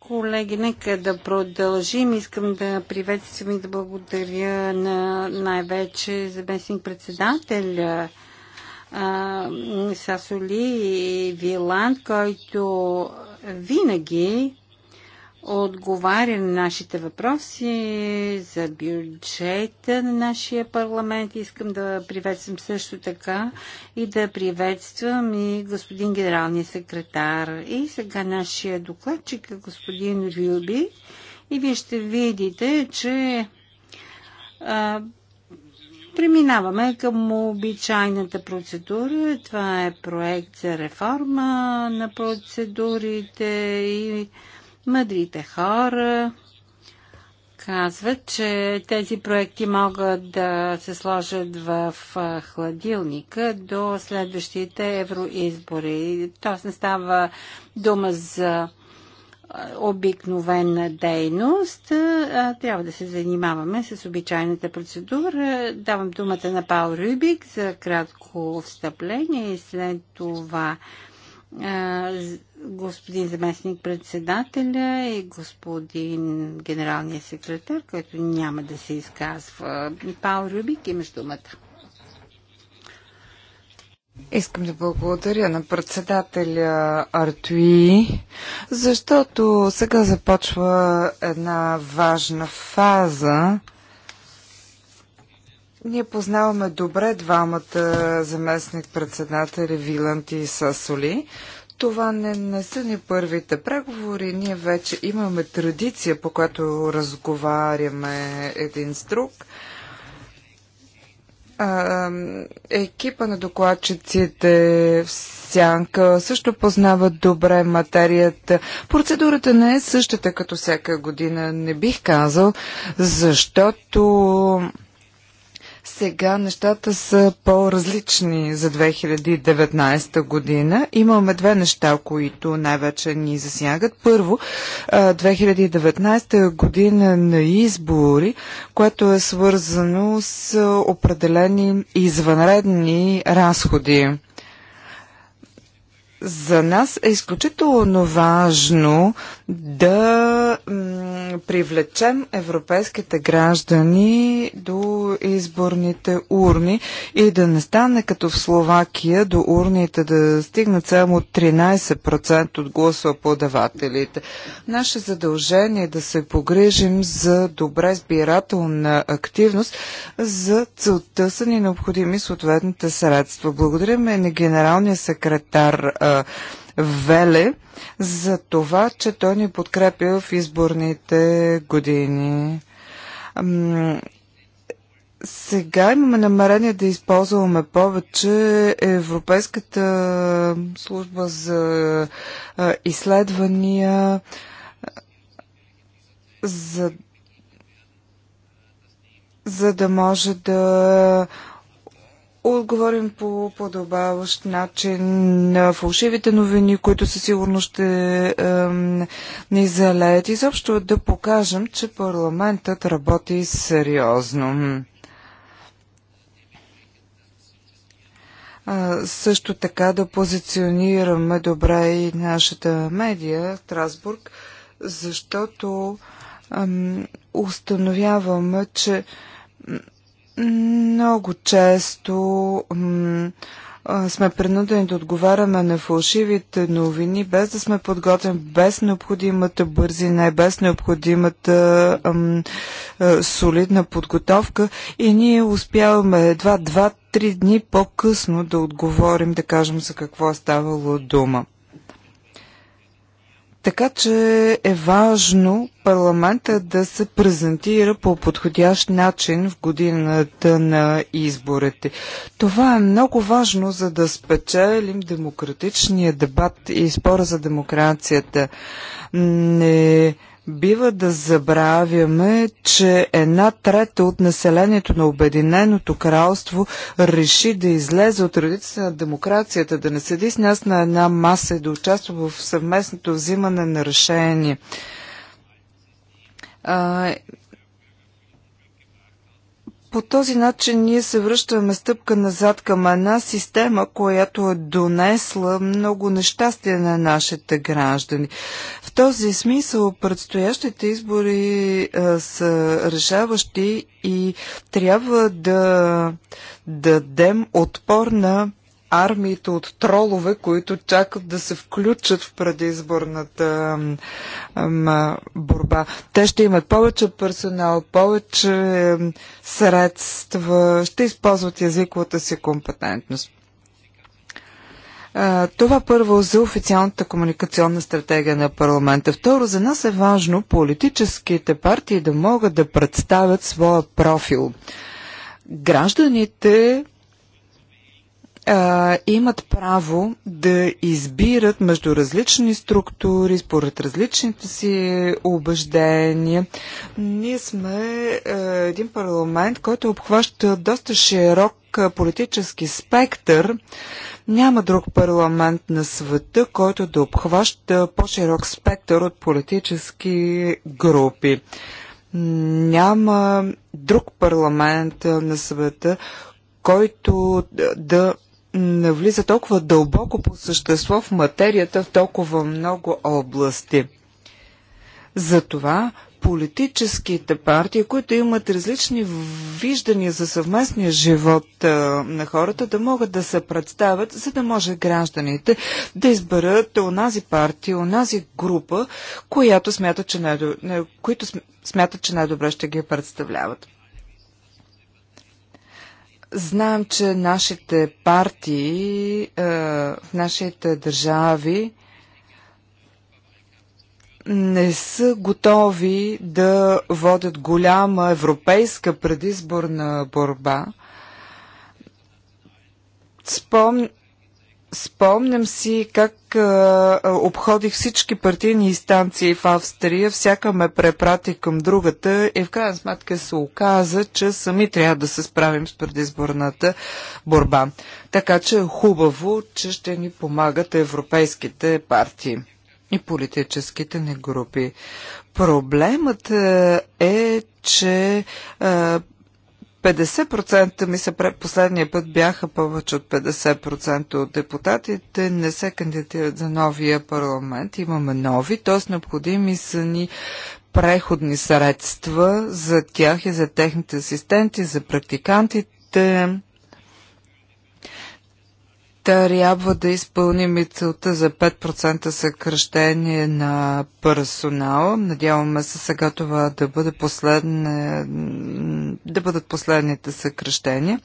Колеги, нека да продължим. Искам да приветствам и да благодаря на най-вече заместник председателя Сасоли Вилан, който винаги отговаря на нашите въпроси за бюджета на нашия парламент. Искам да приветствам също така и да приветствам и господин генералния секретар и сега нашия докладчик господин Рюби. И вие ще видите, че Преминаваме към обичайната процедура. Това е проект за реформа на процедурите и Мъдрите хора казват, че тези проекти могат да се сложат в хладилника до следващите евроизбори. Тоест не става дума за обикновена дейност. Трябва да се занимаваме с обичайната процедура. Давам думата на Пао Рюбик за кратко встъпление и след това господин заместник председателя и господин генералния секретар, който няма да се изказва. Пао Рюбик, имаш думата. Искам да благодаря на председателя Артуи, защото сега започва една важна фаза. Ние познаваме добре двамата заместник председатели Виланти и Сасоли. Това не, не са ни първите преговори. Ние вече имаме традиция, по която разговаряме един с друг. А, екипа на докладчиците в Сянка също познават добре материята. Процедурата не е същата като всяка година, не бих казал, защото сега нещата са по-различни за 2019 година. Имаме две неща, които най-вече ни засягат. Първо, 2019 година на избори, което е свързано с определени извънредни разходи за нас е изключително важно да привлечем европейските граждани до изборните урни и да не стане като в Словакия до урните да стигнат само 13% от гласоподавателите. Наше задължение е да се погрежим за добра избирателна активност. За целта са ни необходими съответните средства. Благодарим на генералния секретар Веле за това, че той ни подкрепя в изборните години. Сега имаме намерение да използваме повече Европейската служба за изследвания, за, за да може да отговорим по подобаващ начин на фалшивите новини, които със сигурност ще е, ни залеят. Изобщо да покажем, че парламентът работи сериозно. също така да позиционираме добре и нашата медия, Трасбург, защото установяваме, че много често сме принудени да отговаряме на фалшивите новини, без да сме подготвени, без необходимата бързина, без необходимата солидна подготовка и ние успяваме едва 2-3 дни по-късно да отговорим, да кажем за какво е ставало дума. Така че е важно парламента да се презентира по подходящ начин в годината на изборите. Това е много важно, за да спечелим демократичния дебат и спора за демокрацията. Не бива да забравяме, че една трета от населението на Обединеното кралство реши да излезе от редица на демокрацията, да не седи с нас на една маса и да участва в съвместното взимане на решение. По този начин ние се връщаме стъпка назад към една система, която е донесла много нещастие на нашите граждани. В този смисъл предстоящите избори а, е, са решаващи и трябва да дадем отпор на армиите от тролове, които чакат да се включат в предизборната борба. Те ще имат повече персонал, повече средства, ще използват язиковата си компетентност. Това първо за официалната комуникационна стратегия на парламента. Второ, за нас е важно политическите партии да могат да представят своя профил. Гражданите а, имат право да избират между различни структури, според различните си убеждения. Ние сме а, един парламент, който обхваща доста широк политически спектър. Няма друг парламент на света, който да обхваща по-широк спектър от политически групи. Няма друг парламент на света, който да навлиза толкова дълбоко по същество в материята в толкова много области. Затова политическите партии, които имат различни виждания за съвместния живот на хората, да могат да се представят, за да може гражданите да изберат онази партия, онази група, която смятат, че най- които смятат, че най-добре ще ги представляват. Знаем, че нашите партии е, в нашите държави не са готови да водят голяма европейска предизборна борба. Спомням. Спомням си как а, обходих всички партийни инстанции в Австрия, всяка ме препрати към другата и в крайна сметка се оказа, че сами трябва да се справим с предизборната борба. Така че е хубаво, че ще ни помагат европейските партии и политическите ни групи. Проблемът е, е че а, 50% ми се последния път бяха повече от 50% от депутатите не се кандидатират за новия парламент. Имаме нови, т.е. необходими са ни преходни средства за тях и за техните асистенти, за практикантите, трябва да изпълним и целта за 5% съкръщение на персонала. Надяваме се сега това да, бъде последне, да бъдат последните съкръщения.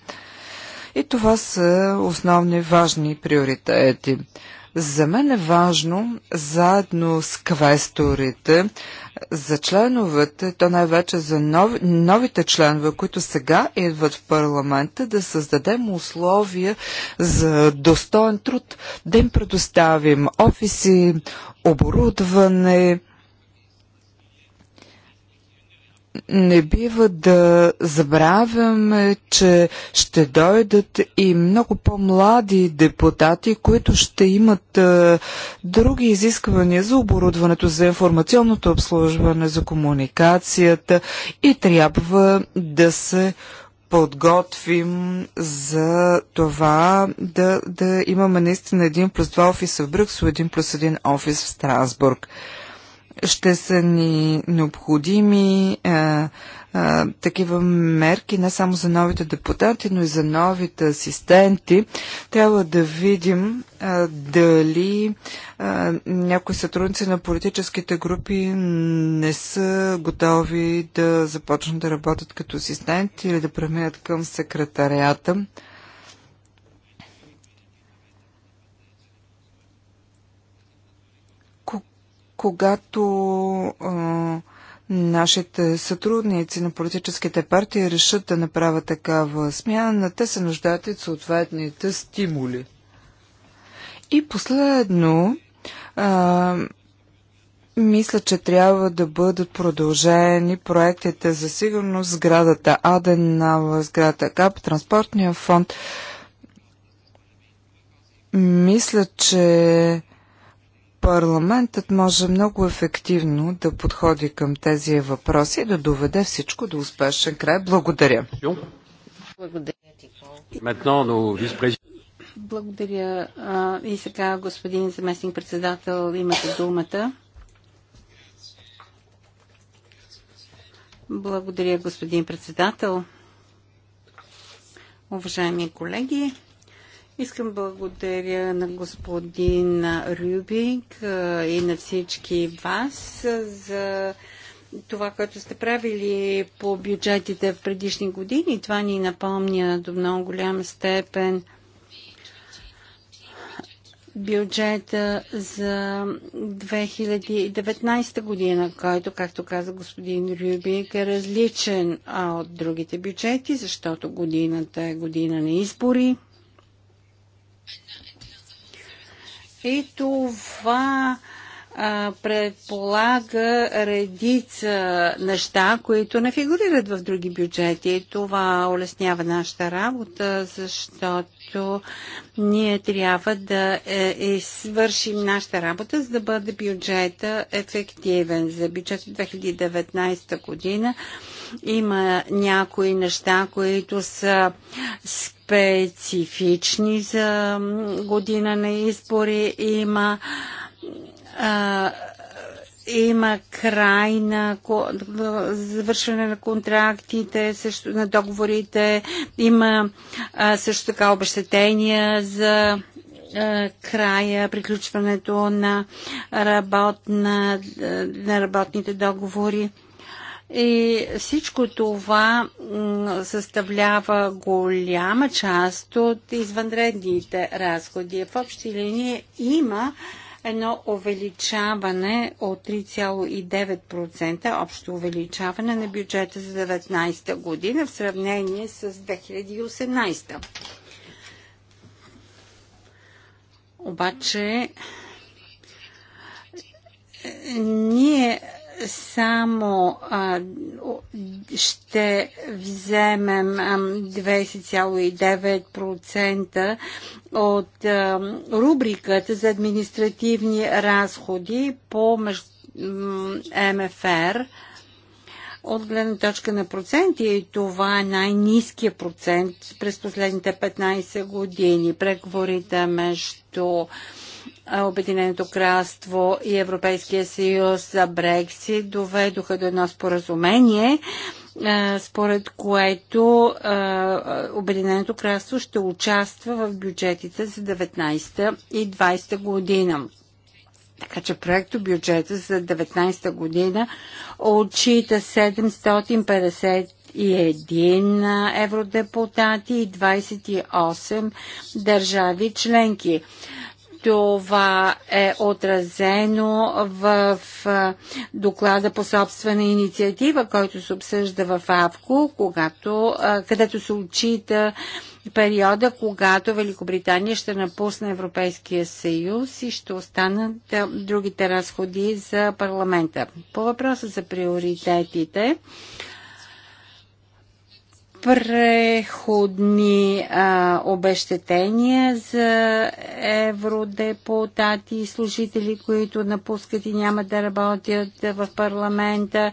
И това са основни важни приоритети. За мен е важно, заедно с квесторите, за членовете, то най-вече за нов, новите членове, които сега идват в парламента, да създадем условия за достоен труд, да им предоставим офиси, оборудване, не бива да забравяме, че ще дойдат и много по-млади депутати, които ще имат а, други изисквания за оборудването, за информационното обслужване, за комуникацията и трябва да се подготвим за това да, да имаме наистина един плюс два офиса в Брюксел, един плюс един офис в Страсбург ще са ни необходими а, е, а, е, такива мерки не само за новите депутати, но и за новите асистенти. Трябва да видим а, е, дали а, някои сътрудници на политическите групи не са готови да започнат да работят като асистенти или да преминат към секретарията. когато нашите сътрудници на политическите партии решат да направят такава смяна, те се нуждаят от съответните стимули. И последно, а, мисля, че трябва да бъдат продължени проектите за сигурност, сградата Аденава, сградата КАП, транспортния фонд. Мисля, че Парламентът може много ефективно да подходи към тези въпроси и да доведе всичко до успешен край. Благодаря. Благодаря ти, Благодаря. И сега, господин заместник председател, имате думата. Благодаря, господин председател. Уважаеми колеги, Искам благодаря на господин Рюбинг и на всички вас за това, което сте правили по бюджетите в предишни години. Това ни напомня до много голяма степен бюджета за 2019 година, който, както каза господин Рюбик, е различен от другите бюджети, защото годината е година на избори. И това предполага редица неща, които не фигурират в други бюджети. Това улеснява нашата работа, защото ние трябва да свършим е, нашата работа, за да бъде бюджета ефективен. За бюджет 2019 година има някои неща, които са специфични за година на избори. Има има край на завършване на контрактите, също, на договорите, има също така обещетения за края, приключването на, работна, на работните договори. И всичко това съставлява голяма част от извънредните разходи. В общи линии има едно увеличаване от 3,9%, общо увеличаване на бюджета за 2019 година в сравнение с 2018. Обаче, е, ние само а, ще вземем 20,9% от а, рубриката за административни разходи по МФР, от гледна точка на проценти и това е най-низкият процент през последните 15 години. Преговорите между Обединеното кралство и Европейския съюз за Брексит доведоха до едно споразумение, според което Обединеното кралство ще участва в бюджетите за 19 и 20 година. Така че проекто бюджета за 19 година отчита 750 и един евродепутати и 28 държави членки. Това е отразено в доклада по собствена инициатива, който се обсъжда в АВКО, когато, където се отчита периода, когато Великобритания ще напусне Европейския съюз и ще останат другите разходи за парламента. По въпроса за приоритетите, преходни а, обещетения за евродепутати и служители, които напускат и няма да работят в парламента,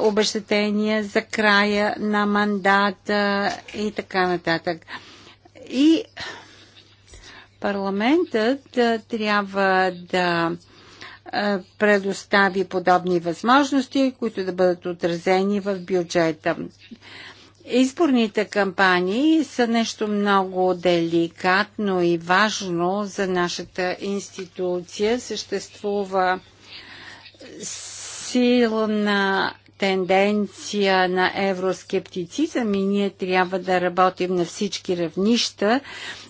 обещетения за края на мандата и така нататък. И парламентът а, трябва да предостави подобни възможности, които да бъдат отразени в бюджета. Изборните кампании са нещо много деликатно и важно за нашата институция. Съществува силна тенденция на евроскептицизъм и ние трябва да работим на всички равнища,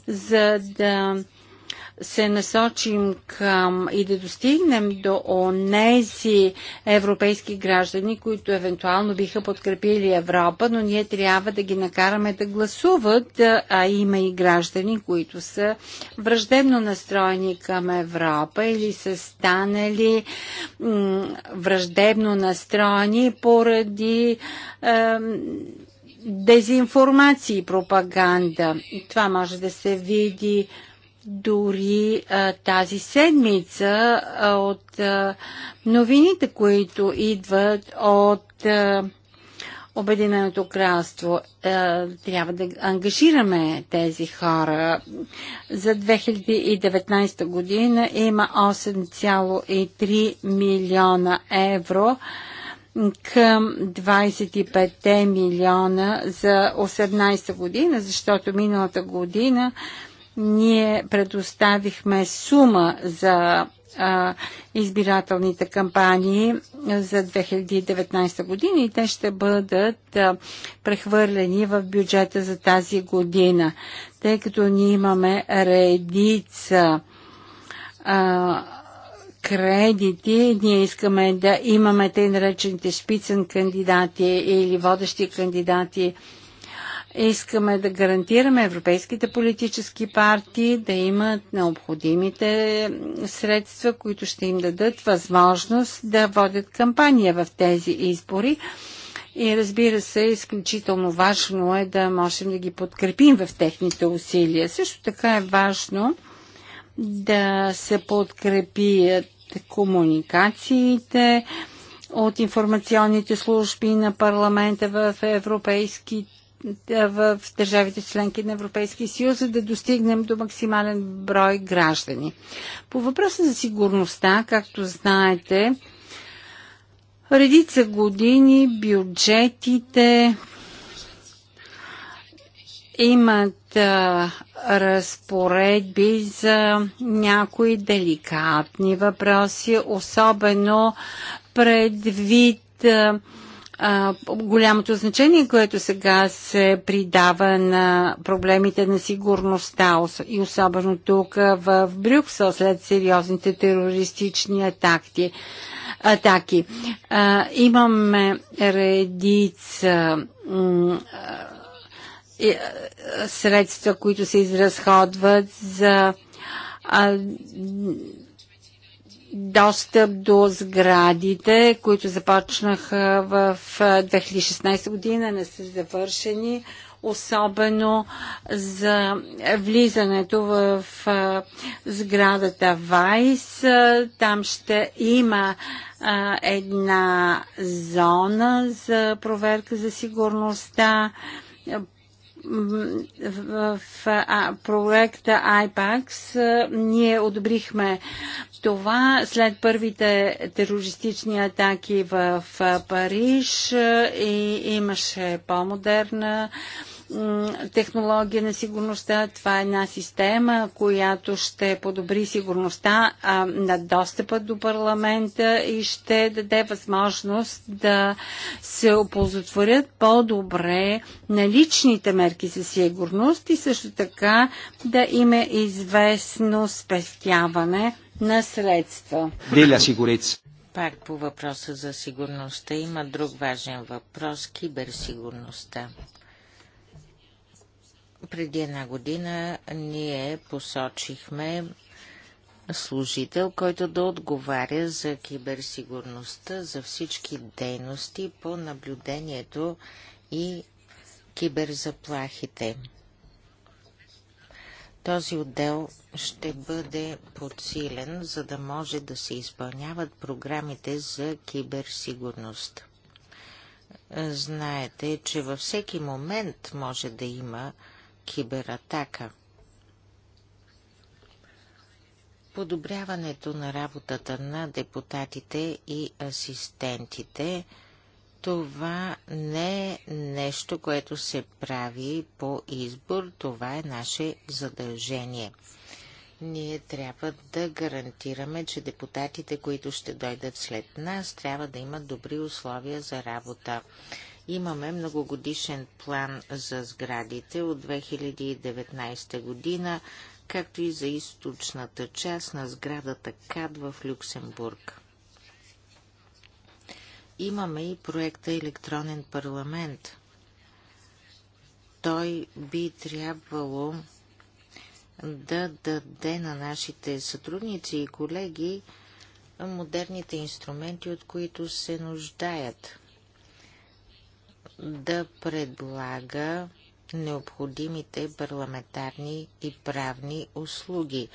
за да се насочим към и да достигнем до онези европейски граждани, които евентуално биха подкрепили Европа, но ние трябва да ги накараме да гласуват, а има и граждани, които са враждебно настроени към Европа или са станали враждебно настроени поради дезинформация и пропаганда. Това може да се види дори а, тази седмица а, от а, новините, които идват от а, Обединеното кралство. А, трябва да ангажираме тези хора. За 2019 година има 8,3 милиона евро към 25 милиона за 18 година, защото миналата година ние предоставихме сума за а, избирателните кампании за 2019 година и те ще бъдат а, прехвърлени в бюджета за тази година, тъй като ние имаме редица а, кредити, ние искаме да имаме тъй наречените шпицен кандидати или водещи кандидати Искаме да гарантираме европейските политически партии да имат необходимите средства, които ще им дадат възможност да водят кампания в тези избори. И разбира се, изключително важно е да можем да ги подкрепим в техните усилия. Също така е важно да се подкрепят комуникациите от информационните служби на парламента в европейските е, в държавите членки на Европейския съюз, за да достигнем до максимален брой граждани. По въпроса за сигурността, както знаете, редица години бюджетите имат а, е, разпоредби за някои деликатни въпроси, особено предвид а, е, а, голямото значение, което сега се придава на проблемите на сигурността и особено тук в Брюксел след сериозните терористични атакти, атаки. А, имаме редица средства, които се изразходват за а, достъп до сградите, които започнаха в 2016 година, не са завършени, особено за влизането в сградата Вайс. Там ще има една зона за проверка за сигурността в, а, проекта IPAX ние одобрихме това след първите терористични атаки в Париж и имаше по-модерна технология на сигурността. Това е една система, която ще подобри сигурността а, на достъпа до парламента и ще даде възможност да се оползотворят по-добре наличните мерки за сигурност и също така да има е известно спестяване на средства. Деля сигуреца. Пак по въпроса за сигурността има друг важен въпрос – киберсигурността. Преди една година ние посочихме служител, който да отговаря за киберсигурността, за всички дейности по наблюдението и киберзаплахите. Този отдел ще бъде подсилен, за да може да се изпълняват програмите за киберсигурност. Знаете, че във всеки момент може да има кибератака. Подобряването на работата на депутатите и асистентите това не е нещо, което се прави по избор, това е наше задължение. Ние трябва да гарантираме, че депутатите, които ще дойдат след нас, трябва да имат добри условия за работа. Имаме многогодишен план за сградите от 2019 година, както и за източната част на сградата КАД в Люксембург. Имаме и проекта Електронен парламент. Той би трябвало да даде на нашите сътрудници и колеги модерните инструменти, от които се нуждаят да предлага необходимите парламентарни и правни услуги.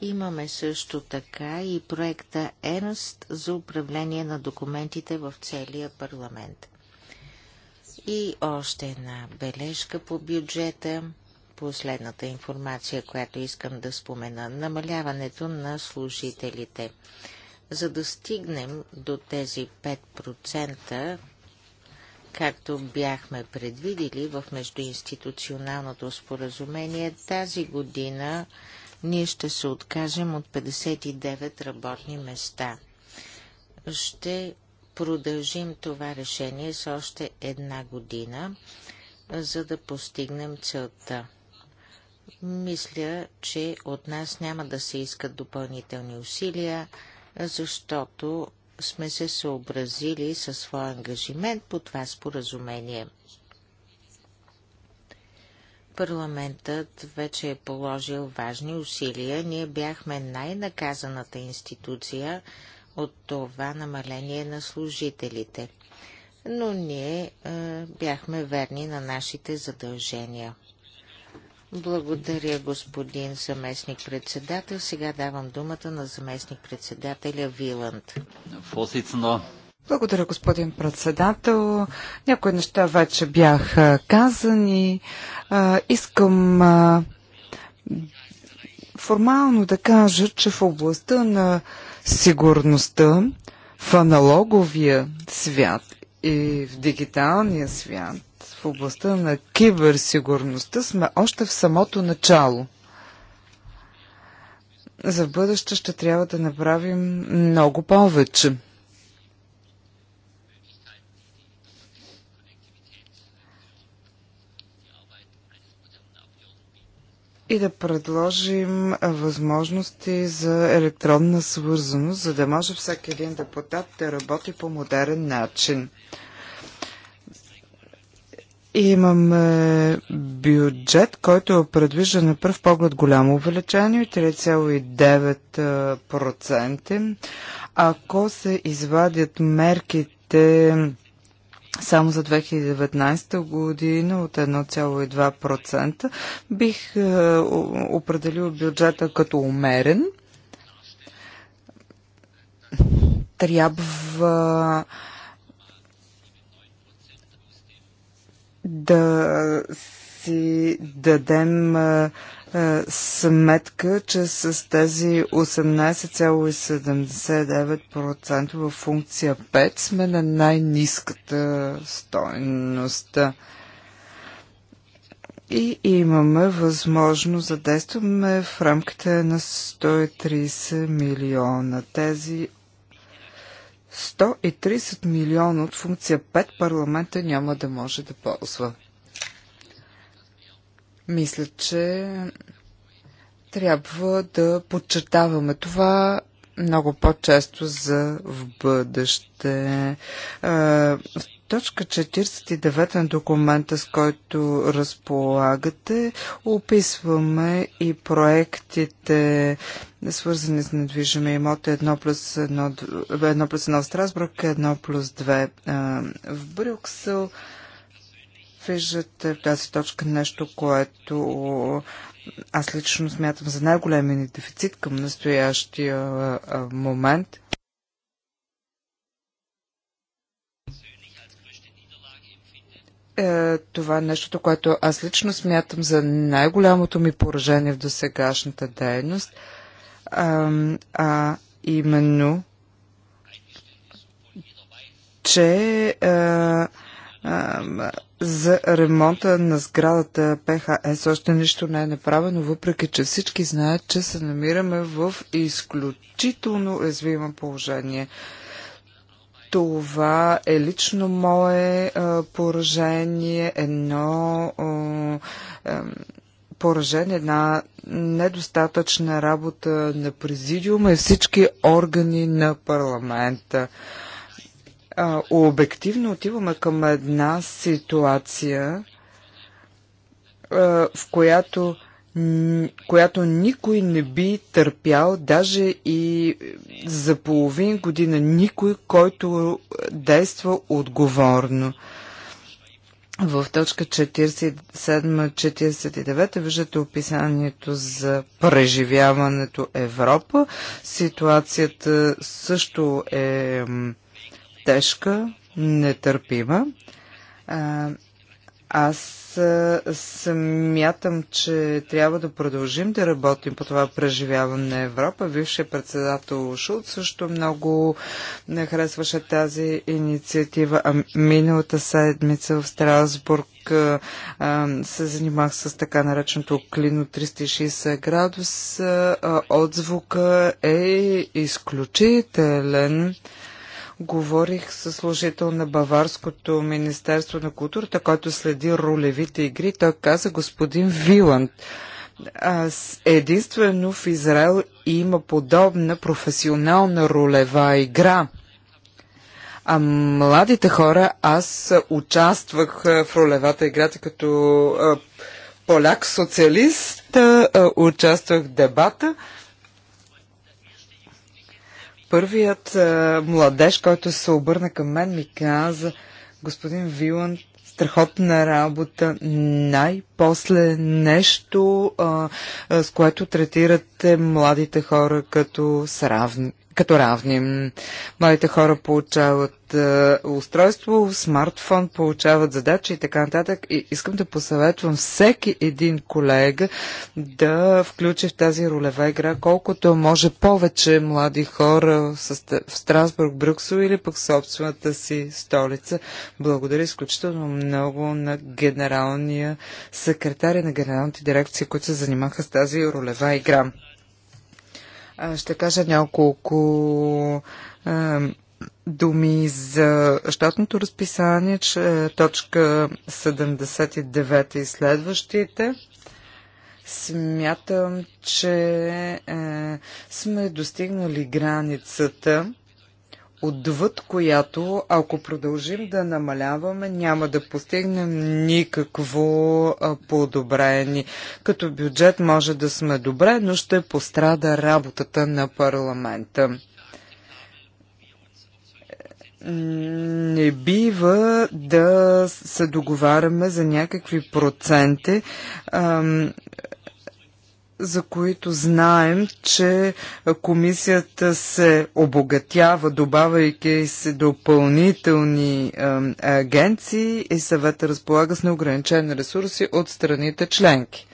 Имаме също така и проекта Ернст за управление на документите в целия парламент. И още една бележка по бюджета. Последната информация, която искам да спомена. Намаляването на служителите. За да стигнем до тези 5%, Както бяхме предвидили в междуинституционалното споразумение, тази година ние ще се откажем от 59 работни места. Ще продължим това решение с още една година, за да постигнем целта. Мисля, че от нас няма да се искат допълнителни усилия, защото сме се съобразили със своя ангажимент по това споразумение. Парламентът вече е положил важни усилия. Ние бяхме най-наказаната институция от това намаление на служителите. Но ние е, бяхме верни на нашите задължения. Благодаря, господин заместник председател. Сега давам думата на заместник председателя Виланд. Благодаря, господин председател. Някои неща вече бяха казани. искам формално да кажа, че в областта на сигурността в аналоговия свят и в дигиталния свят в областта на киберсигурността сме още в самото начало. За бъдеще ще трябва да направим много повече. и да предложим възможности за електронна свързаност, за да може всеки един депутат да работи по модерен начин. Имаме бюджет, който е предвижда на пръв поглед голямо увеличение 3,9%. Ако се извадят мерките само за 2019 година от 1,2%, бих е, определил бюджета като умерен. Трябва да си дадем а, а, сметка, че с тези 18,79% в функция 5 сме на най-низката стойност. И имаме възможност да действаме в рамките на 130 милиона. Тези 130 милиона от функция 5 парламента няма да може да ползва. Мисля, че трябва да подчертаваме това много по-често за в бъдеще. В точка 49 на документа, с който разполагате, описваме и проектите на свързани с недвижими имоти 1 плюс 1, 1 плюс 1 в Страсбург, 1 плюс 2 в Брюксел. Виждате в тази точка нещо, което аз лично смятам за най-големия ни дефицит към настоящия момент. Е, това е нещото, което аз лично смятам за най-голямото ми поражение в досегашната дейност а, а именно, че а, а, за ремонта на сградата ПХС още нищо не е направено, въпреки че всички знаят, че се намираме в изключително уязвимо положение. Това е лично мое а, поражение, едно а, а, поражен една недостатъчна работа на президиума и всички органи на парламента. Обективно отиваме към една ситуация, в която която никой не би търпял, даже и за половин година никой, който действа отговорно в точка 47-49 виждате описанието за преживяването Европа. Ситуацията също е тежка, нетърпима. Аз аз смятам, че трябва да продължим да работим по това преживяване на Европа. Бившият председател Шулт също много не харесваше тази инициатива. А миналата седмица в Страсбург се занимах с така нареченото клино 360 градус. Отзвука е изключителен говорих с служител на Баварското Министерство на културата, който следи ролевите игри. Той каза господин Виланд. единствено в Израел има подобна професионална ролева игра. А младите хора, аз участвах в ролевата игра, като поляк-социалист, участвах в дебата. Първият е, младеж, който се обърна към мен, ми каза, господин Виланд, страхотна работа, най-после нещо, а, с което третирате младите хора като сравни като равни. Младите хора получават е, устройство, смартфон, получават задачи и така нататък. И искам да посъветвам всеки един колега да включи в тази ролева игра колкото може повече млади хора в Страсбург, Брюксел или пък собствената си столица. Благодаря изключително много на генералния секретар и на генералните дирекции, които се занимаха с тази ролева игра. Ще кажа няколко думи за щатното разписание, че точка 79 и следващите. Смятам, че е, сме достигнали границата отвъд която, ако продължим да намаляваме, няма да постигнем никакво подобрение. Като бюджет може да сме добре, но ще пострада работата на парламента. Не бива да се договаряме за някакви проценти за които знаем, че комисията се обогатява, добавяйки се допълнителни агенции и съвета разполага с неограничени ресурси от страните членки.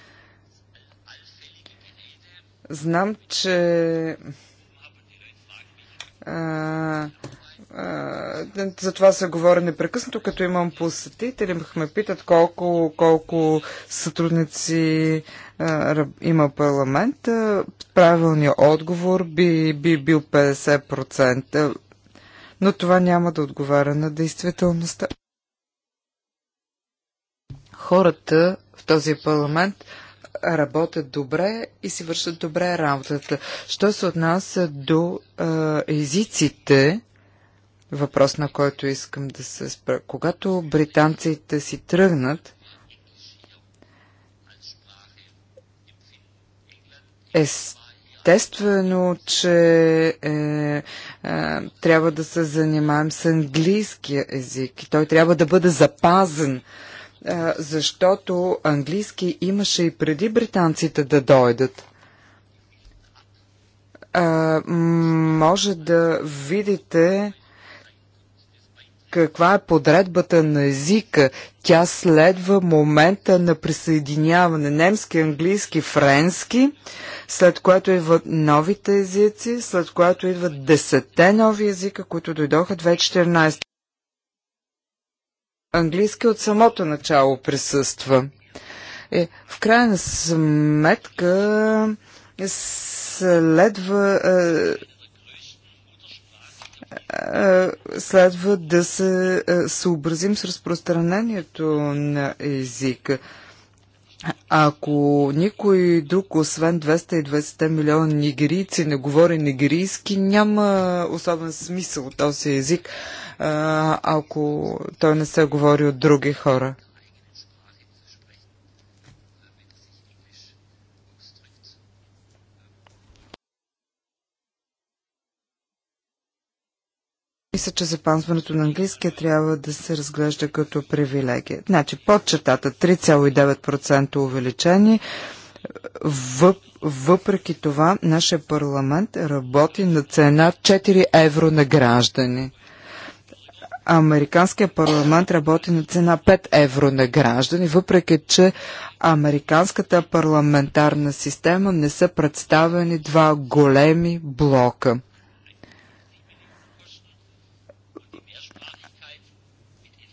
Знам, че а, за това се говори непрекъснато, като имам посетители, ме питат колко, колко сътрудници а, има парламент. Правилният отговор би, би бил 50%, но това няма да отговаря на действителността. Хората в този парламент работят добре и си вършат добре работата. Що се отнася до а, езиците, въпрос, на който искам да се спра. Когато британците си тръгнат, естествено, че е, е, трябва да се занимаем с английския език. и Той трябва да бъде запазен е, защото английски имаше и преди британците да дойдат. А, е, може да видите каква е подредбата на езика. Тя следва момента на присъединяване. Немски, английски, френски, след което идват новите езици, след което идват десетте нови езика, които дойдоха 2014. Английски от самото начало присъства. Е, в крайна сметка следва е, е, следва да се е, съобразим с разпространението на езика. Ако никой друг, освен 220 милиона нигерийци, не говори нигерийски, няма особен смисъл този език, е, ако той не се говори от други хора. Мисля, че запазването на английския трябва да се разглежда като привилегия. Значи под чертата 3,9% увеличение. Въпреки това, нашия парламент работи на цена 4 евро на граждани. Американският парламент работи на цена 5 евро на граждани, въпреки че американската парламентарна система не са представени два големи блока –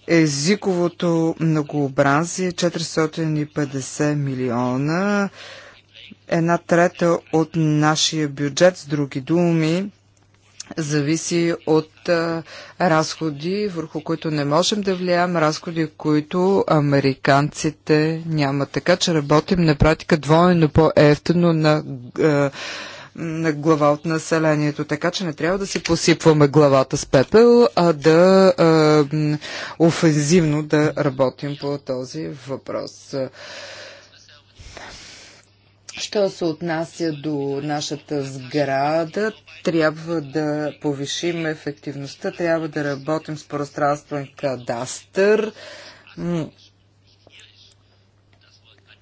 езиковото многообразие 450 милиона, една трета от нашия бюджет, с други думи, зависи от а, разходи, върху които не можем да влияем, разходи, които американците нямат. Така че работим на практика двойно по ефтено на а, на глава от населението. Така че не трябва да си посипваме главата с пепел, а да а, офензивно да работим по този въпрос. Що се отнася до нашата сграда, трябва да повишим ефективността, трябва да работим с пространствен кадастър.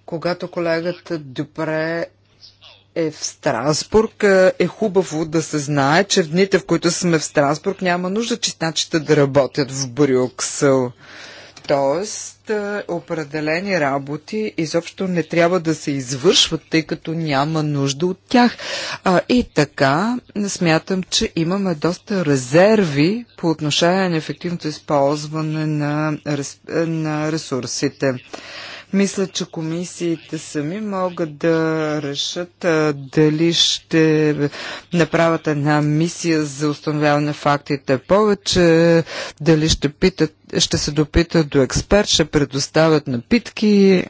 Когато колегата Дюпре е в Страсбург, е, е хубаво да се знае, че в дните, в които сме в Страсбург, няма нужда чистачите да работят в Брюксел. Тоест, е, определени работи изобщо не трябва да се извършват, тъй като няма нужда от тях. А, и така, смятам, че имаме доста резерви по отношение на ефективното използване на, на ресурсите. Мисля, че комисиите сами могат да решат а, дали ще направят една мисия за установяване на фактите повече, дали ще, питат, ще се допитат до експерт, ще предоставят напитки.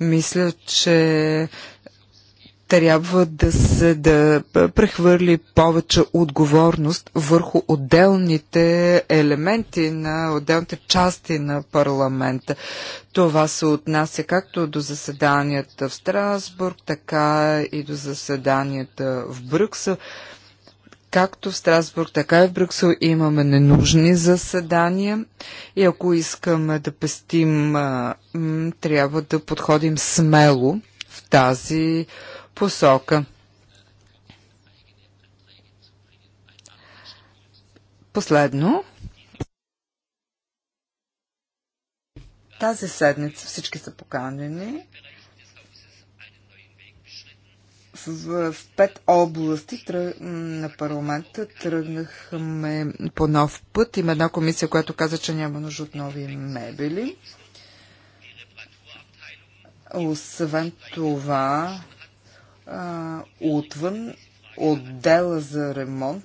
Мисля, че трябва да се да прехвърли повече отговорност върху отделните елементи на отделните части на парламента. Това се отнася както до заседанията в Страсбург, така и до заседанията в Брюксел както в Страсбург, така и в Брюксел имаме ненужни заседания и ако искаме да пестим, трябва да подходим смело в тази посока. Последно, тази седмица всички са поканени в, пет области на парламента тръгнахме по нов път. Има една комисия, която каза, че няма нужда от нови мебели. Освен това, а, отвън отдела за ремонт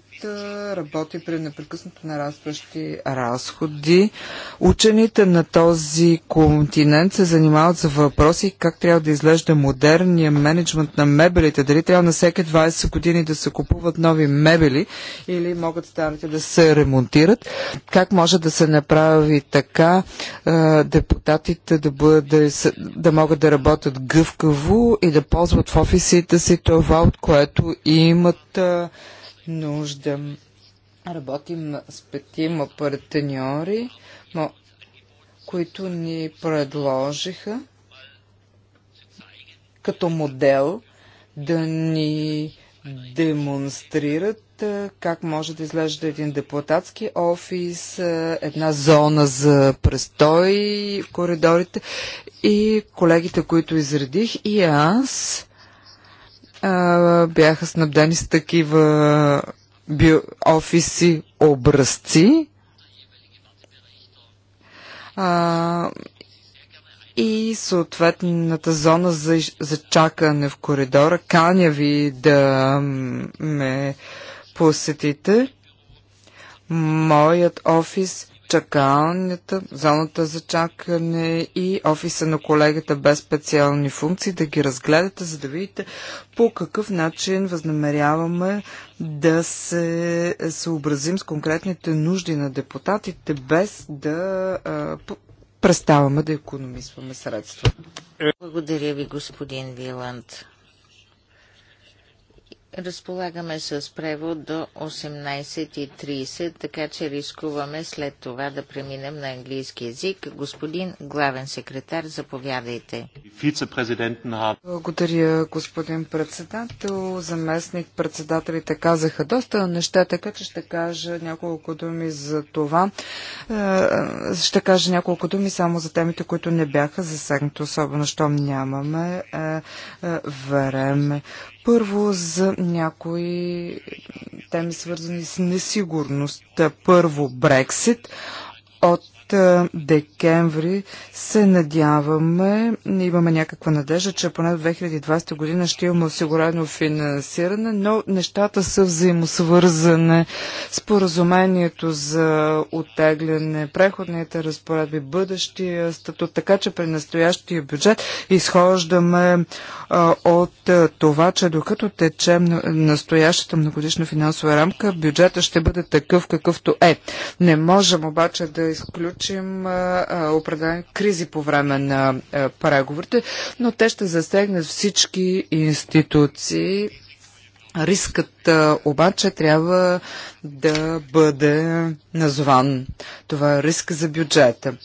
работи при непрекъснато нарастващи разходи. Учените на този континент се занимават за въпроси как трябва да изглежда модерния менеджмент на мебелите. Дали трябва на всеки 20 години да се купуват нови мебели или могат старите да се ремонтират. Как може да се направи така депутатите да, бъдат, да, да могат да работят гъвкаво и да ползват в офисите си това, от което имат нужда. Работим с петима партньори, които ни предложиха като модел да ни демонстрират как може да изглежда един депутатски офис, една зона за престой в коридорите. И колегите, които изредих, и аз бяха снабдени с такива офиси образци. А, и съответната зона за, за чакане в коридора. Каня ви да ме посетите. Моят офис чакалнята, зоната за чакане и офиса на колегата без специални функции, да ги разгледате, за да видите по какъв начин възнамеряваме да се съобразим с конкретните нужди на депутатите, без да а, преставаме да економисваме средства. Благодаря ви, господин Виланд. Разполагаме с превод до 18.30, така че рискуваме след това да преминем на английски язик. Господин главен секретар, заповядайте. Благодаря, господин председател. Заместник председателите казаха доста неща, така че ще кажа няколко думи за това. Е, ще кажа няколко думи само за темите, които не бяха засегнати, особено щом нямаме е, е, време. Първо за някои теми свързани с несигурност. Първо Брексит. От декември се надяваме, имаме някаква надежда, че поне до 2020 година ще имаме осигурено финансиране, но нещата са взаимосвързане. Споразумението за оттегляне, преходните разпоредби, бъдещия статут, така че при настоящия бюджет изхождаме а, от а, това, че докато тече настоящата многодишна финансова рамка, бюджета ще бъде такъв какъвто е. Не можем обаче да изключим насърчим определен кризи по време на преговорите, но те ще засегнат всички институции. Рискът обаче трябва да бъде назван. Това е риск за бюджета.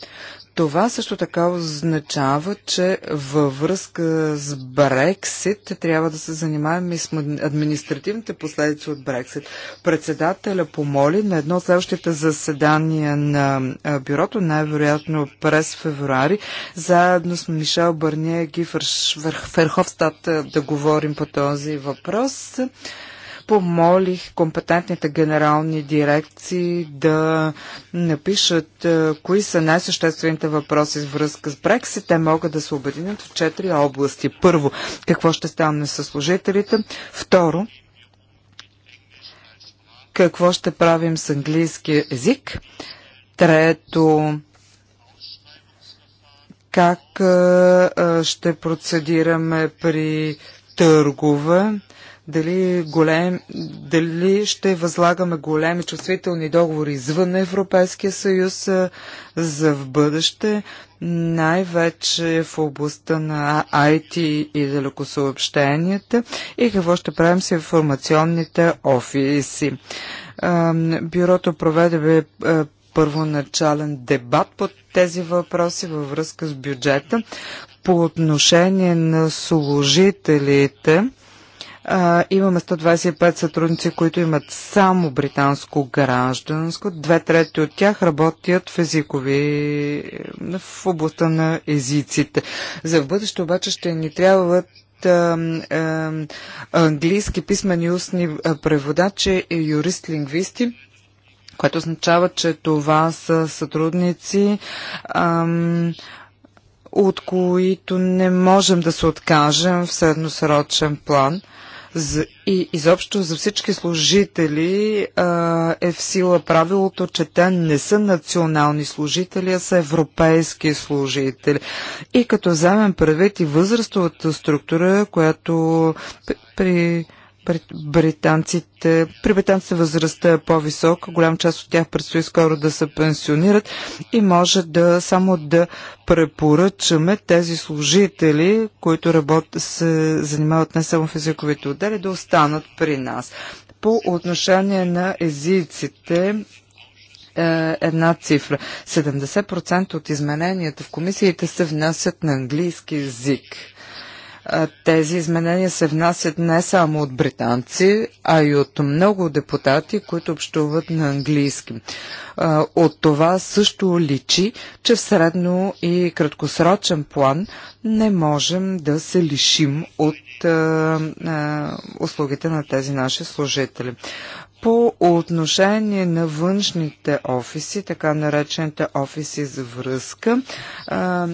Това също така означава, че във връзка с Брексит трябва да се занимаем и с административните последици от Брексит. Председателя помоли на едно от следващите заседания на бюрото, най-вероятно през февруари, заедно с Мишел Бърния и Гифър Ферховстат да говорим по този въпрос помолих компетентните генерални дирекции да напишат е, кои са най-съществените въпроси с връзка с Брексит. Те могат да се обединят в четири области. Първо, какво ще стане с служителите? Второ, какво ще правим с английски език? Трето, как е, е, ще процедираме при търгове? дали, голем, дали ще възлагаме големи чувствителни договори извън Европейския съюз за в бъдеще, най-вече в областта на IT и далекосъобщенията и какво ще правим с информационните офиси. Бюрото проведе първоначален дебат по тези въпроси във връзка с бюджета. По отношение на служителите, а, имаме 125 сътрудници, които имат само британско гражданство. Две трети от тях работят в езикови, е, в областта на езиците. За в бъдеще обаче ще ни трябват английски писмени устни преводачи и юрист-лингвисти, което означава, че това са сътрудници, от които не можем да се откажем в средносрочен план за, и изобщо за всички служители а, е в сила правилото, че те не са национални служители, а са европейски служители. И като вземем предвид и възрастовата структура, която при британците, при британците възрастта е по-висока, голям част от тях предстои скоро да се пенсионират и може да само да препоръчаме тези служители, които работ, се занимават не само в езиковите отдели, да останат при нас. По отношение на езиците, е, една цифра. 70% от измененията в комисиите се внасят на английски язик. Тези изменения се внасят не само от британци, а и от много депутати, които общуват на английски. От това също личи, че в средно и краткосрочен план не можем да се лишим от услугите на тези наши служители. По отношение на външните офиси, така наречените офиси за връзка,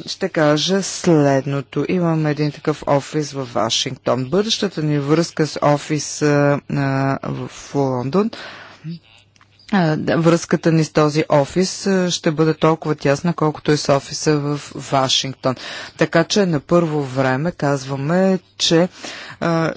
ще кажа следното. Имам един такъв офис в Вашингтон. Бъдещата ни връзка с офис в Лондон връзката ни с този офис ще бъде толкова тясна, колкото и с офиса в Вашингтон. Така че на първо време казваме, че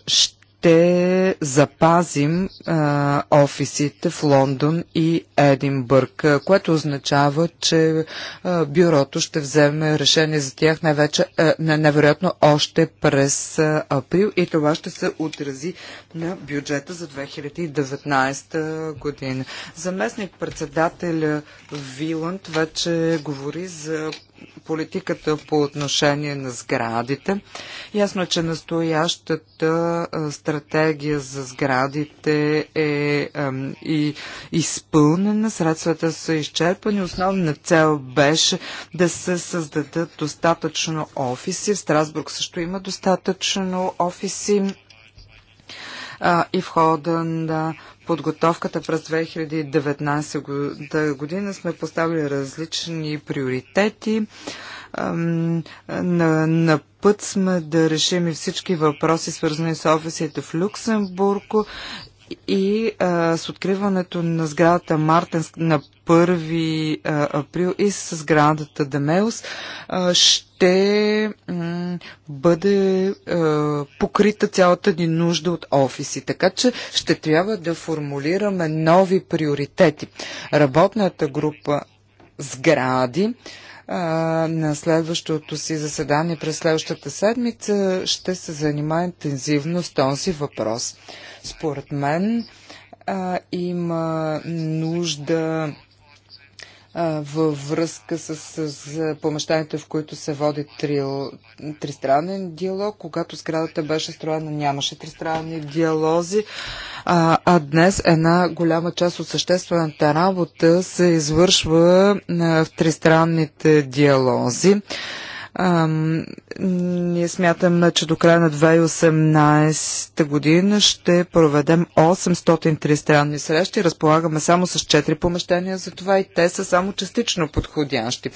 ще ще запазим а, офисите в Лондон и Единбърг, което означава, че а, бюрото ще вземе решение за тях най-вече, невероятно още през а, април и това ще се отрази на бюджета за 2019 година. Заместник председателя Виланд вече говори за политиката по отношение на сградите. Ясно е, че настоящата стратегия за сградите е и изпълнена, средствата са изчерпани. Основна цел беше да се създадат достатъчно офиси. В Страсбург също има достатъчно офиси а, и в хода на подготовката през 2019 година сме поставили различни приоритети. На, на път сме да решим и всички въпроси, свързани с офисите в Люксембург и а, с откриването на сградата Мартенск на 1 април и с сградата Демеус ще бъде покрита цялата ни нужда от офиси. Така че ще трябва да формулираме нови приоритети. Работната група сгради на следващото си заседание през следващата седмица ще се занимава интензивно с този въпрос. Според мен а, има нужда във връзка с, с помещанията, в които се води три, тристранен диалог. Когато сградата беше строена, нямаше тристранни диалози, а, а днес една голяма част от съществената работа се извършва а, в тристранните диалози ние смятаме, че до края на 2018 година ще проведем 800 тристранни срещи. Разполагаме само с 4 помещения, за това, и те са само частично подходящи.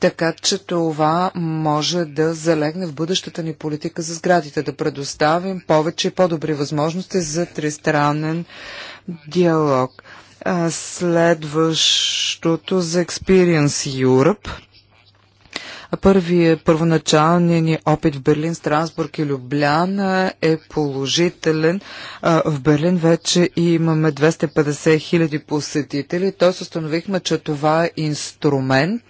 Така че това може да залегне в бъдещата ни политика за сградите, да предоставим повече и по-добри възможности за тристранен диалог. Следващото за Experience Europe – Първи, първоначалният ни опит в Берлин, Страсбург и Любляна е положителен. В Берлин вече имаме 250 хиляди посетители, т.е. установихме, че това е инструмент,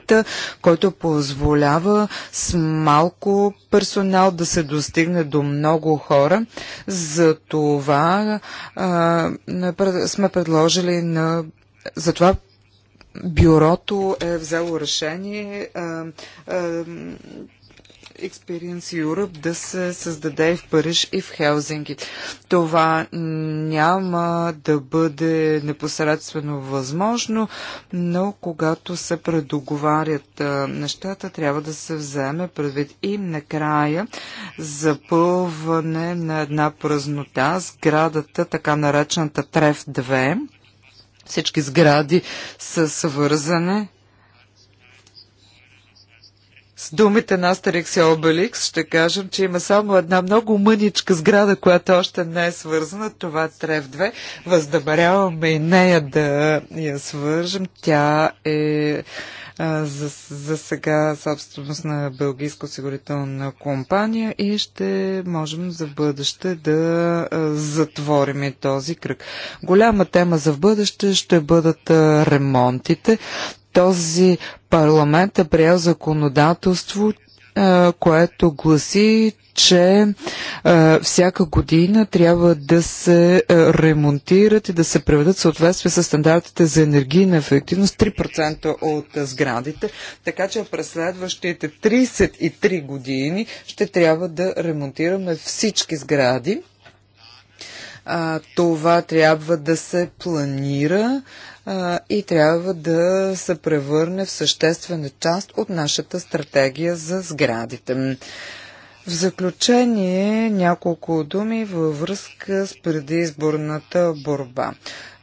който позволява с малко персонал да се достигне до много хора. За това сме предложили на затова бюрото е взело решение Experience Europe да се създаде и в Париж и в Хелзинки. Това няма да бъде непосредствено възможно, но когато се предоговарят нещата, трябва да се вземе предвид и накрая запълване на една празнота, сградата, така наречената Треф 2 всички сгради са свързани. С думите на Астерикс и Обеликс ще кажем, че има само една много мъничка сграда, която още не е свързана. Това е Трев 2. Въздъбаряваме и нея да я свържем. Тя е за, за сега собственост на Белгийска осигурителна компания и ще можем за бъдеще да затворим този кръг. Голяма тема за в бъдеще ще бъдат ремонтите. Този парламент е приел законодателство, което гласи, че а, е, всяка година трябва да се а, е, ремонтират и да се приведат в съответствие с стандартите за енергийна ефективност 3% от а, е, сградите, така че през следващите 33 години ще трябва да ремонтираме всички сгради. А, това трябва да се планира а, и трябва да се превърне в съществена част от нашата стратегия за сградите. В заключение няколко думи във връзка с предизборната борба.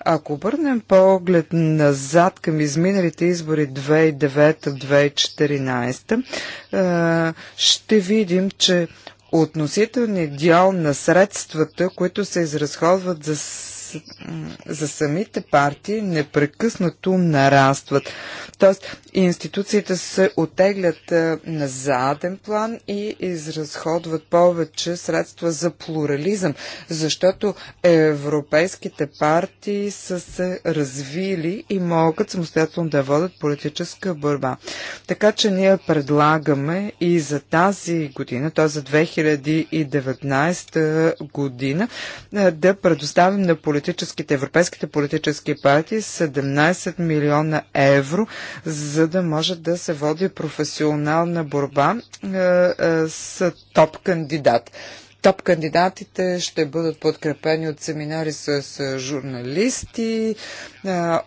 Ако обърнем поглед назад към изминалите избори 2009-2014, ще видим, че относителният дял на средствата, които се изразходват за за самите партии непрекъснато нарастват. Тоест, институциите се отеглят е, на заден план и изразходват повече средства за плурализъм, защото европейските партии са се развили и могат самостоятелно да водят политическа борба. Така че ние предлагаме и за тази година, т.е. за 2019 година, е, да предоставим на политическите политическите, европейските политически партии 17 милиона евро, за да може да се води професионална борба е, е, с топ кандидат. Топ кандидатите ще бъдат подкрепени от семинари с журналисти, е,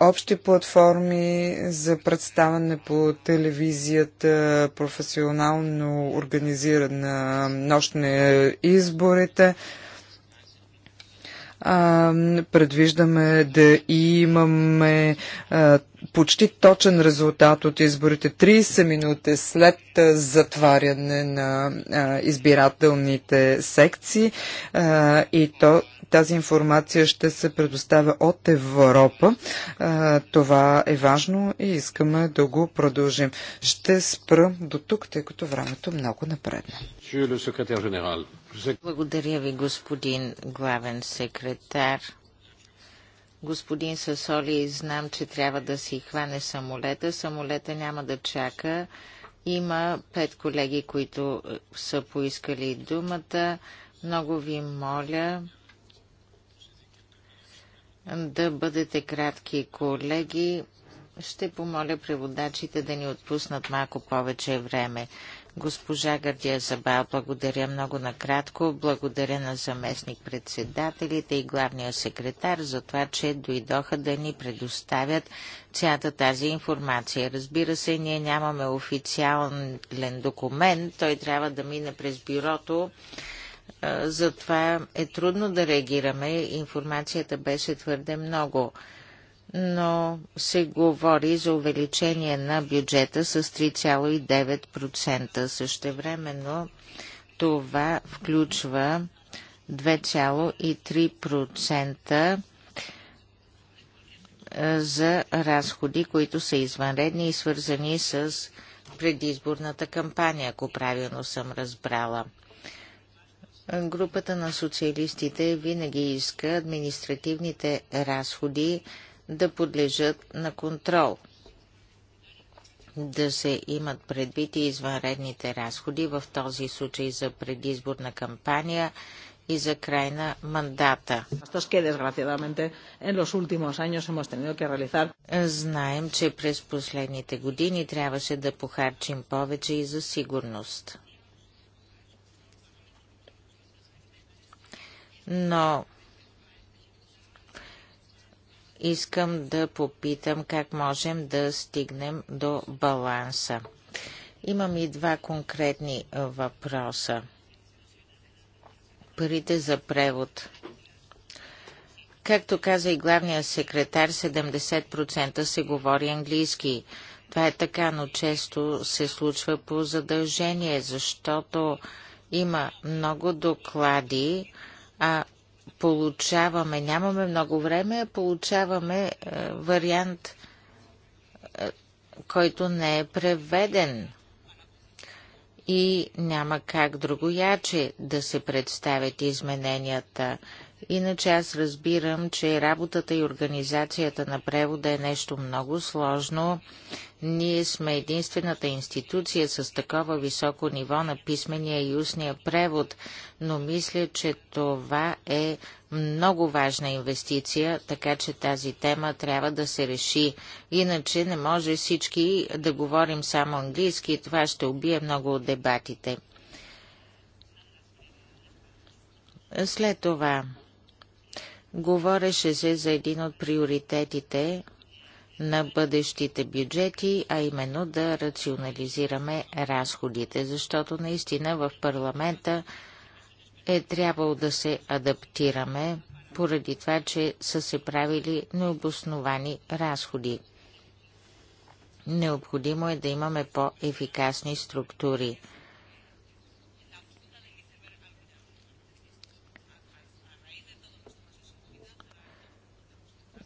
общи платформи за представане по телевизията, професионално организирана нощ на изборите предвиждаме да имаме почти точен резултат от изборите 30 минути след затваряне на избирателните секции и то тази информация ще се предоставя от Европа. Това е важно и искаме да го продължим. Ще спра до тук, тъй като времето много напредна. Благодаря ви, господин главен секретар. Господин Сасоли, знам, че трябва да си хване самолета. Самолета няма да чака. Има пет колеги, които са поискали думата. Много ви моля да бъдете кратки, колеги. Ще помоля преводачите да ни отпуснат малко повече време. Госпожа Гардия Забал, благодаря много накратко. Благодаря на заместник председателите и главния секретар за това, че дойдоха да ни предоставят цялата тази информация. Разбира се, ние нямаме официален документ. Той трябва да мине през бюрото затова е трудно да реагираме. Информацията беше твърде много. Но се говори за увеличение на бюджета с 3,9%. Същевременно това включва 2,3% за разходи, които са извънредни и свързани с предизборната кампания, ако правилно съм разбрала. Групата на социалистите винаги иска административните разходи да подлежат на контрол. Да се имат предвид и извънредните разходи, в този случай за предизборна кампания и за край на мандата. Знаем, че през последните години трябваше да похарчим повече и за сигурност. но искам да попитам как можем да стигнем до баланса. Имам и два конкретни въпроса. Парите за превод. Както каза и главният секретар, 70% се говори английски. Това е така, но често се случва по задължение, защото има много доклади, а получаваме, нямаме много време, получаваме а, е, вариант, а, е, който не е преведен и няма как другояче да се представят измененията. Иначе аз разбирам, че работата и организацията на превода е нещо много сложно. Ние сме единствената институция с такова високо ниво на писмения и устния превод, но мисля, че това е много важна инвестиция, така че тази тема трябва да се реши. Иначе не може всички да говорим само английски и това ще убие много от дебатите. След това Говореше се за един от приоритетите на бъдещите бюджети, а именно да рационализираме разходите, защото наистина в парламента е трябвало да се адаптираме поради това, че са се правили необосновани разходи. Необходимо е да имаме по-ефикасни структури –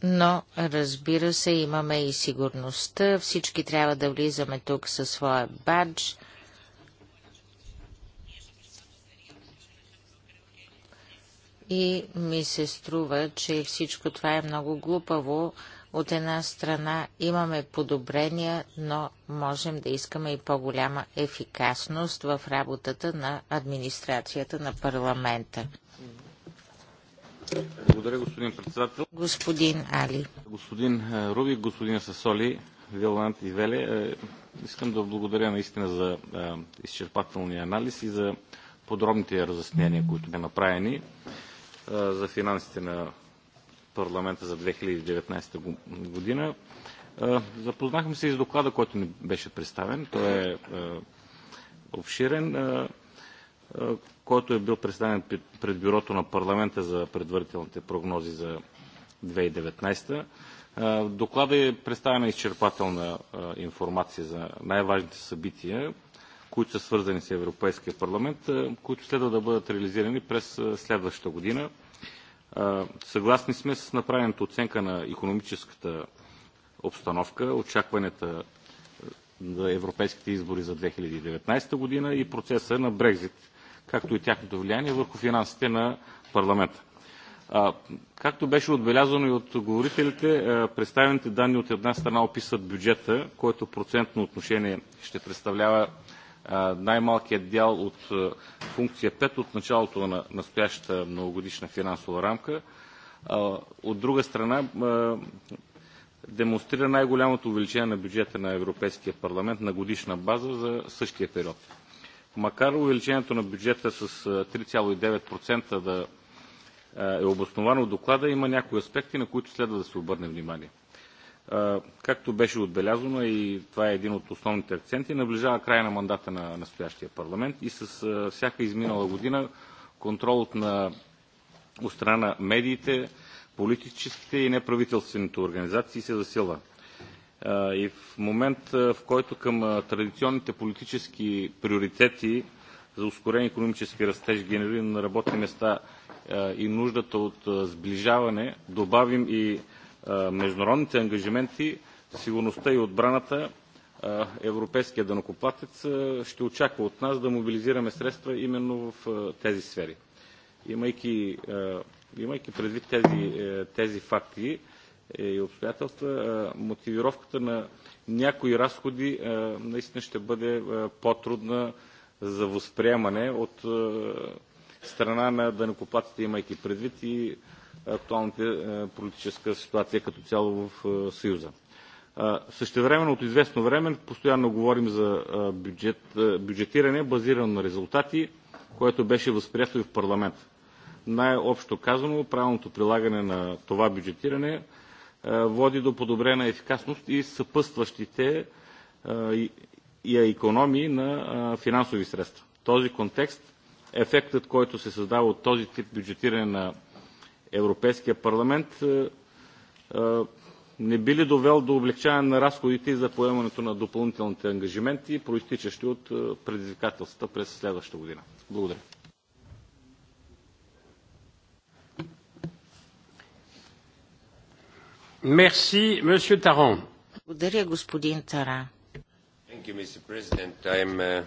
но разбира се, имаме и сигурността. Всички трябва да влизаме тук със своя бадж. И ми се струва, че всичко това е много глупаво. От една страна имаме подобрения, но можем да искаме и по-голяма ефикасност в работата на администрацията на парламента. Благодаря, господин председател. Господин Али. Господин е, Руби, господин Сасоли, Виолант и Веле, е, искам да благодаря наистина за е, изчерпателния анализ и за подробните разяснения, които бяха направени за финансите на парламента за 2019 година. Запознахме се и с доклада, който ни беше представен. Той е обширен който е бил представен пред бюрото на парламента за предварителните прогнози за 2019. В доклада е представена изчерпателна информация за най-важните събития, които са свързани с Европейския парламент, които следва да бъдат реализирани през следващата година. Съгласни сме с направената оценка на економическата обстановка, очакванията за европейските избори за 2019 година и процеса на Брекзит, както и тяхното влияние върху финансите на парламента. Както беше отбелязано и от говорителите, представените данни от една страна описват бюджета, който процентно отношение ще представлява най-малкият дял от функция 5 от началото на настоящата многогодишна финансова рамка. От друга страна, демонстрира най-голямото увеличение на бюджета на Европейския парламент на годишна база за същия период макар увеличението на бюджета с 3,9% да е обосновано в доклада, има някои аспекти, на които следва да се обърне внимание. Както беше отбелязано, и това е един от основните акценти, наближава края на мандата на настоящия парламент и с всяка изминала година контролът на от страна на медиите, политическите и неправителствените организации се засилва. И в момент, в който към традиционните политически приоритети за ускорен економически растеж, генериране на работни места и нуждата от сближаване, добавим и международните ангажименти, сигурността и отбраната, европейския дънокоплатец ще очаква от нас да мобилизираме средства именно в тези сфери. Имайки, имайки предвид тези, е, тези факти, е, и обстоятелства, мотивировката на някои разходи наистина ще бъде по-трудна за възприемане от страна на данекоплатите, имайки предвид и актуалната политическа ситуация като цяло в Съюза. Същевременно от известно време постоянно говорим за бюджет, бюджетиране, базирано на резултати, което беше възприето и в парламент. Най-общо казано, правилното прилагане на това бюджетиране е, води до подобрена ефикасност и съпътстващите я е, економии на е, финансови средства. В този контекст ефектът, който се създава от този тип бюджетиране на Европейския парламент, не би ли довел до облегчаване на разходите и за поемането на допълнителните ангажименти, проистичащи от предизвикателствата през следващата година? Благодаря. Merci, monsieur Таран. Благодаря, господин Таран. Uh,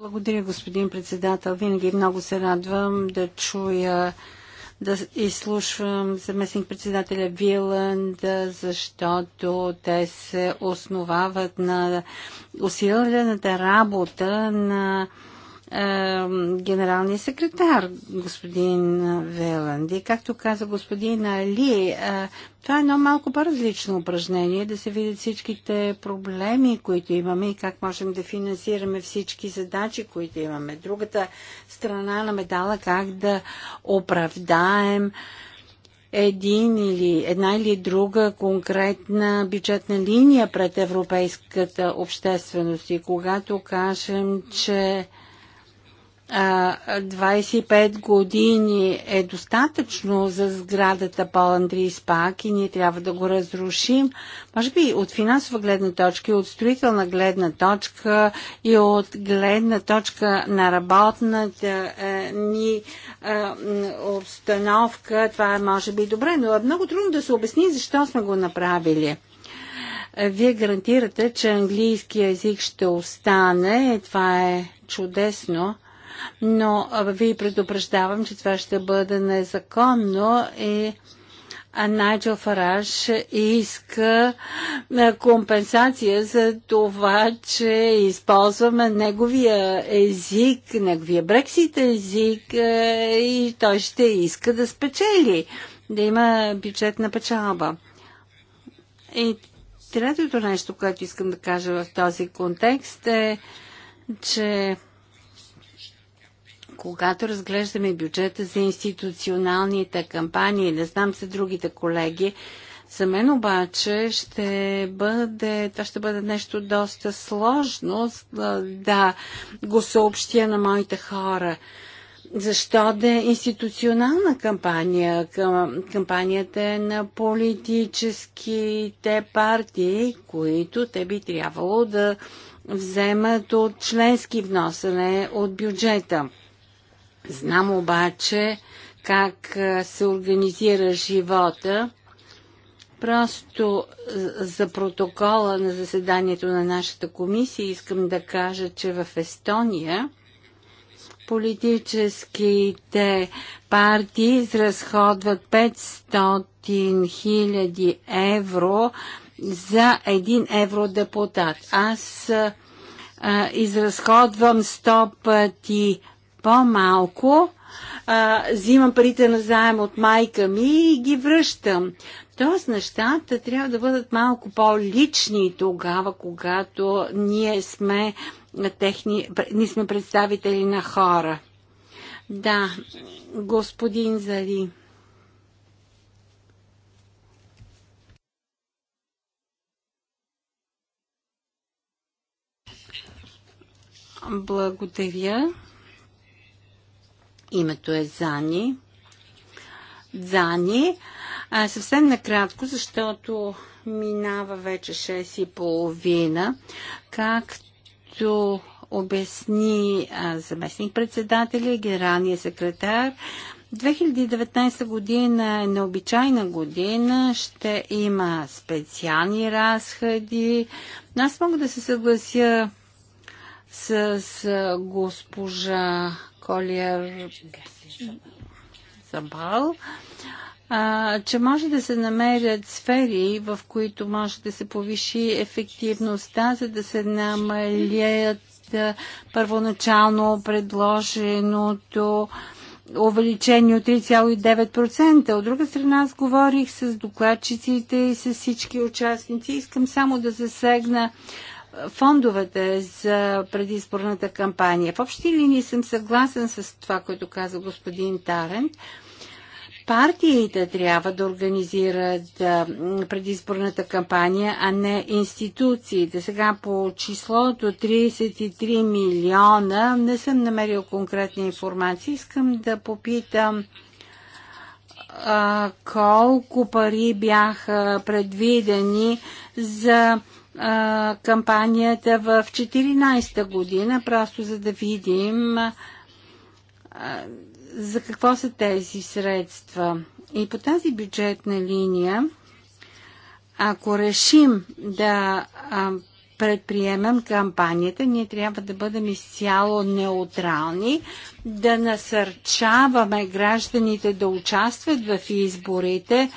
Благодаря, господин председател. Винаги много се радвам да чуя, да изслушвам заместник председателя Виланд, защото те се основават на усилената работа на генералния секретар, господин Веланди, както каза господин Али, това е едно малко по-различно упражнение, да се видят всичките проблеми, които имаме и как можем да финансираме всички задачи, които имаме. Другата страна на медала, как да оправдаем един или една или друга конкретна бюджетна линия пред европейската общественост. И когато кажем, че 25 години е достатъчно за сградата по-андрис пак и ние трябва да го разрушим. Може би от финансова гледна точка, и от строителна гледна точка и от гледна точка на работната е, ни е, обстановка, това е може би добре, но е много трудно да се обясни защо сме го направили. Вие гарантирате, че английския език ще остане. Това е чудесно но ви предупреждавам, че това ще бъде незаконно и Найджел Фараш иска компенсация за това, че използваме неговия език, неговия брексит език и той ще иска да спечели, да има бюджетна печалба. И третото нещо, което искам да кажа в този контекст е, че когато разглеждаме бюджета за институционалните кампании, не знам се другите колеги, за мен обаче ще бъде, това ще бъде нещо доста сложно да го съобщя на моите хора. Защо да е институционална кампания? Кампанията е на политическите партии, които те би трябвало да вземат от членски внос, а не от бюджета. Знам обаче как се организира живота. Просто за протокола на заседанието на нашата комисия искам да кажа, че в Естония политическите партии изразходват 500 000 евро за един евродепутат. Аз а, изразходвам 100 пъти по-малко, взимам парите на заем от майка ми и ги връщам. Тоест нещата трябва да бъдат малко по-лични тогава, когато ние сме, техни, ние сме представители на хора. Да, господин Зари. Благодаря. Името е Зани. Зани. А, съвсем накратко, защото минава вече 6 и половина, както обясни заместник председателя и генералния секретар. 2019 година е необичайна година, ще има специални разходи, аз мога да се съглася с госпожа Колиер Забал, а, че може да се намерят сфери, в които може да се повиши ефективността, за да се намалят първоначално предложеното увеличение от 3,9%. От друга страна, аз говорих с докладчиците и с всички участници. Искам само да засегна фондовете за предизборната кампания. В общи линии съм съгласен с това, което каза господин Тарен. Партиите трябва да организират предизборната кампания, а не институциите. Сега по числото 33 милиона не съм намерил конкретна информация. Искам да попитам колко пари бяха предвидени за кампанията в 14-та година, просто за да видим а, за какво са тези средства. И по тази бюджетна линия, ако решим да а, предприемем кампанията, ние трябва да бъдем изцяло неутрални, да насърчаваме гражданите да участват в изборите,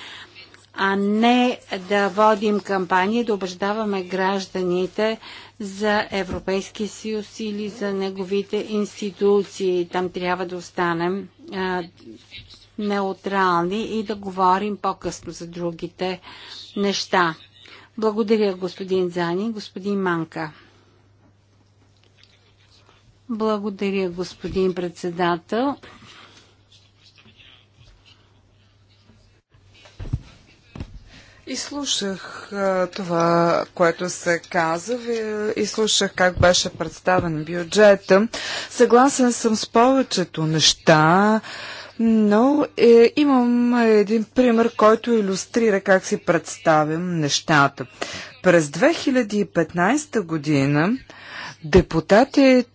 а не да водим кампании, да убеждаваме гражданите за Европейския съюз или за неговите институции. Там трябва да останем а, неутрални и да говорим по-късно за другите неща. Благодаря, господин Зани, господин Манка. Благодаря, господин председател. И слушах това, което се каза и слушах как беше представен бюджета. Съгласен съм с повечето неща, но е, имам един пример, който иллюстрира как си представим нещата. През 2015 година депутатите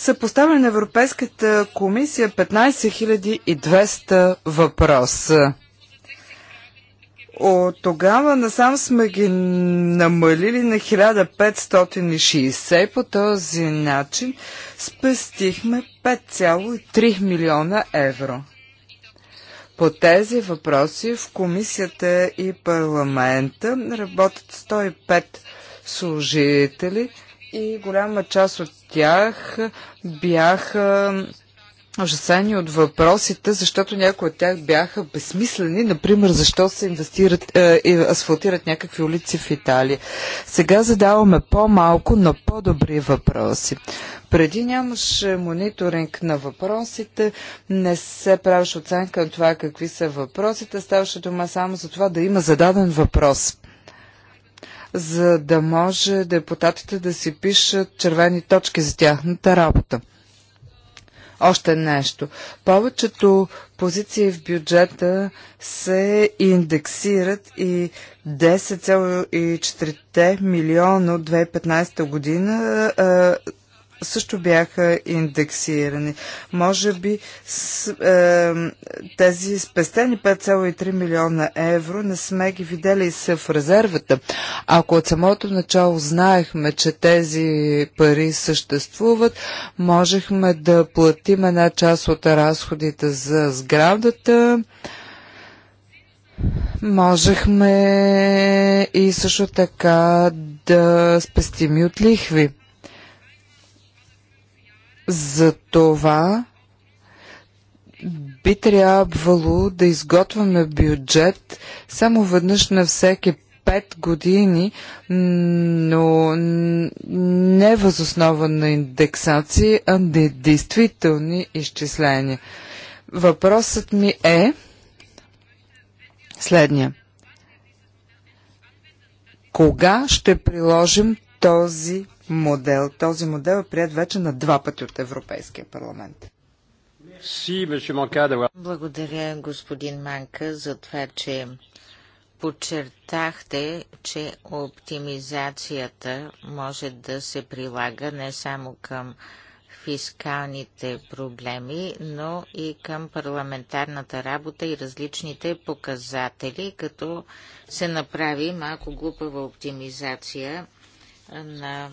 са поставени на Европейската комисия 15 200 въпроса. От тогава насам сме ги намалили на 1560 по този начин спестихме 5,3 милиона евро. По тези въпроси в комисията и парламента работят 105 служители – и голяма част от тях бяха ужасени от въпросите, защото някои от тях бяха безсмислени, например, защо се инвестират е, и асфалтират някакви улици в Италия. Сега задаваме по-малко, но по-добри въпроси. Преди нямаше мониторинг на въпросите, не се правеше оценка на това какви са въпросите, ставаше дума само за това да има зададен въпрос за да може депутатите да си пишат червени точки за тяхната работа. Още нещо. Повечето позиции в бюджета се индексират и 10,4 милиона от 2015 година също бяха индексирани. Може би с, е, тези спестени 5,3 милиона евро не сме ги видели и са в резервата. Ако от самото начало знаехме, че тези пари съществуват, можехме да платим една част от разходите за сградата, можехме и също така да спестим и от лихви. За това би трябвало да изготвяме бюджет само веднъж на всеки 5 години, но не възоснова на индексации, а на действителни изчисления. Въпросът ми е следния. Кога ще приложим този модел. Този модел е прият вече на два пъти от Европейския парламент. Благодаря, господин Манка, за това, че подчертахте, че оптимизацията може да се прилага не само към фискалните проблеми, но и към парламентарната работа и различните показатели, като се направи малко глупава оптимизация на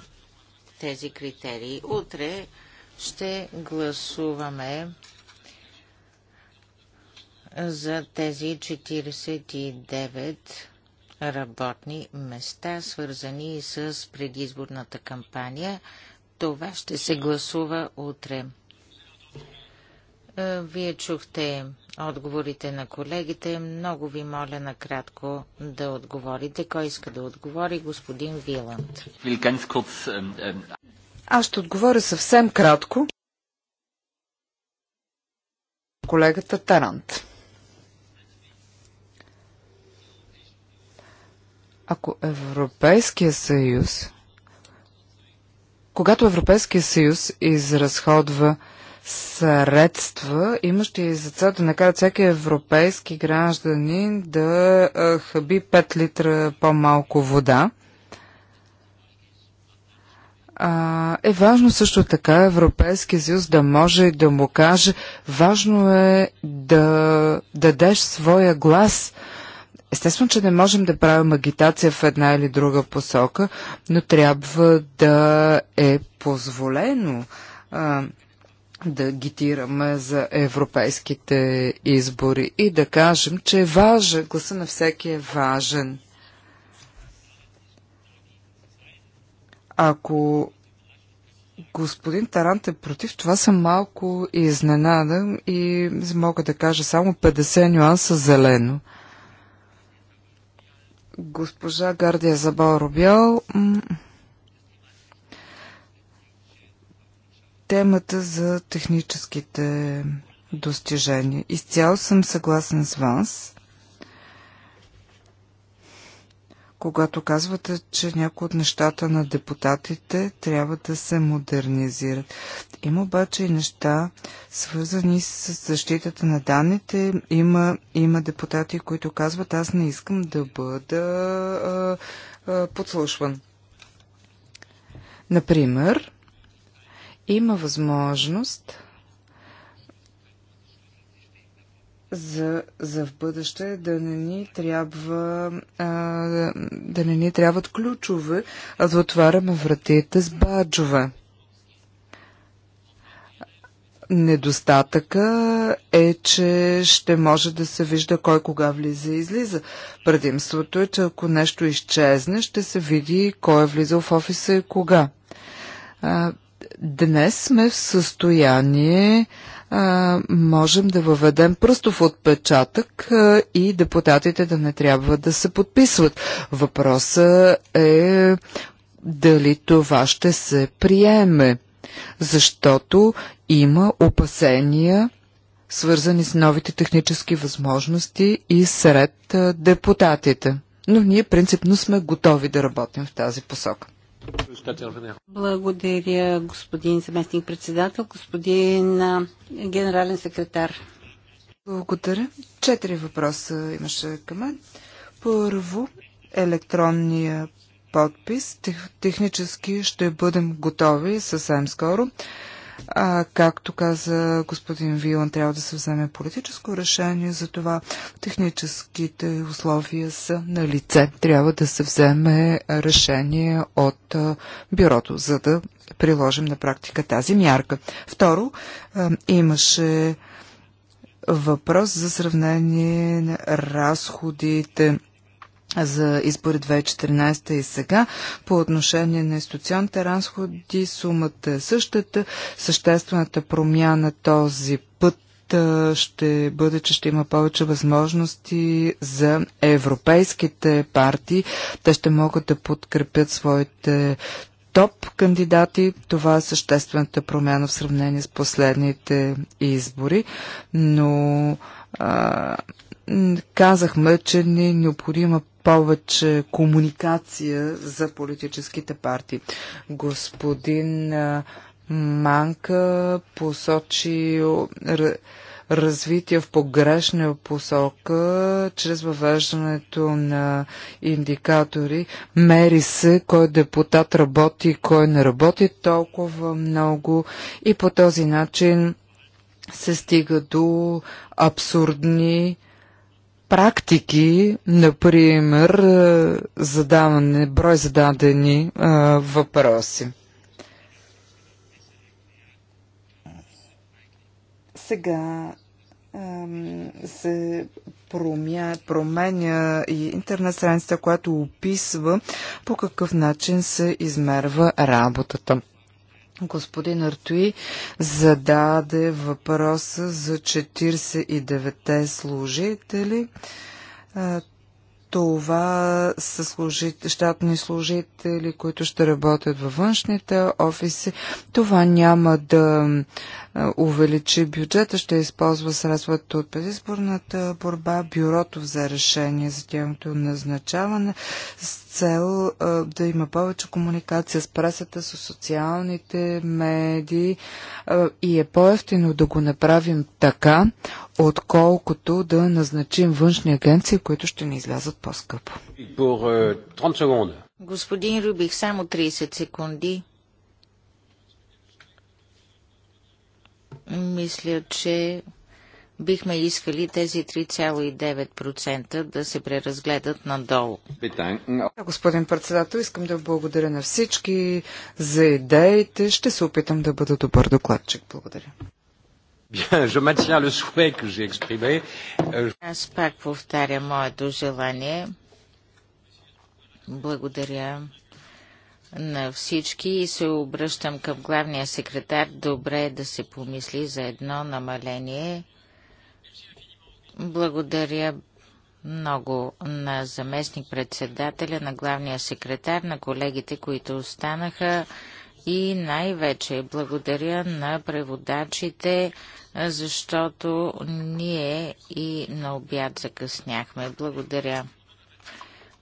тези критерии. Утре ще гласуваме за тези 49 работни места, свързани с предизборната кампания. Това ще се гласува утре. Е, вие чухте отговорите на колегите. Много ви моля накратко да отговорите. Кой иска да отговори? Господин Виланд. Ähm, ähm, Аз ще отговоря съвсем кратко. Колегата Тарант. Ако Европейския съюз, когато Европейския съюз изразходва средства, имащи за цел да накарат всеки европейски гражданин да хаби 5 литра по-малко вода. А, е важно също така Европейския съюз да може да му каже, важно е да, да дадеш своя глас. Естествено, че не можем да правим агитация в една или друга посока, но трябва да е позволено. А, да агитираме за европейските избори и да кажем, че е важен, гласа на всеки е важен. Ако господин Тарант е против, това съм малко изненадан и мога да кажа само 50 нюанса зелено. Госпожа Гардия Забал Рубял темата за техническите достижения. Изцяло съм съгласен с вас, когато казвате, че някои от нещата на депутатите трябва да се модернизират. Има обаче и неща, свързани с защитата на данните. Има, има депутати, които казват, аз не искам да бъда а, а, подслушван. Например, има възможност за, за в бъдеще да не ни трябва а, да не ни трябват ключове, а да отваряме вратите с баджове. Недостатъка е, че ще може да се вижда кой кога влиза и излиза. Предимството е, че ако нещо изчезне, ще се види кой е влизал в офиса и кога. А, Днес сме в състояние а, можем да въведем пръстов отпечатък а, и депутатите да не трябва да се подписват. Въпросът е дали това ще се приеме, защото има опасения свързани с новите технически възможности и сред а, депутатите. Но ние принципно сме готови да работим в тази посока. Благодаря, господин заместник председател, господин генерален секретар. Благодаря. Четири въпроса имаше към мен. Първо, електронния подпис. Тех, технически ще бъдем готови съвсем скоро. А, както каза господин Вилан, трябва да се вземе политическо решение за това. Техническите условия са на лице. Трябва да се вземе решение от бюрото, за да приложим на практика тази мярка. Второ, имаше въпрос за сравнение на разходите за избори 2014 и сега. По отношение на институционните разходи сумата е същата. Съществената промяна този път ще бъде, че ще има повече възможности за европейските партии. Те ще могат да подкрепят своите топ кандидати. Това е съществената промяна в сравнение с последните избори. Но а, казахме, че не е необходима повече комуникация за политическите партии. Господин Манка посочи развитие в погрешна посока, чрез въвеждането на индикатори. Мери се кой депутат работи и кой не работи толкова много и по този начин се стига до абсурдни практики, например, е, задаване, брой зададени а, е, въпроси. Сега се промя, променя и интернет страницата, която описва по какъв начин се измерва работата. Господин Артуи зададе въпроса за 49-те служители. Това са служите, щатни служители, които ще работят във външните офиси. Това няма да увеличи бюджета, ще използва средствата от предизборната борба. Бюрото взе решение за тяхното назначаване цел да има повече комуникация с пресата, с социалните медии и е по-ефтино да го направим така, отколкото да назначим външни агенции, които ще ни излязат по-скъпо. Е, Господин Рубих, само 30 секунди. Мисля, че бихме искали тези 3,9% да се преразгледат надолу. Господин председател, искам да благодаря на всички за идеите. Ще се опитам да бъда добър докладчик. Благодаря. Аз пак повтаря моето желание. Благодаря на всички и се обръщам към главния секретар. Добре е да се помисли за едно намаление благодаря много на заместник-председателя, на главния секретар, на колегите, които останаха и най-вече благодаря на преводачите, защото ние и на обяд закъсняхме. Благодаря.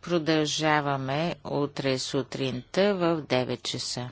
Продължаваме утре сутринта в 9 часа.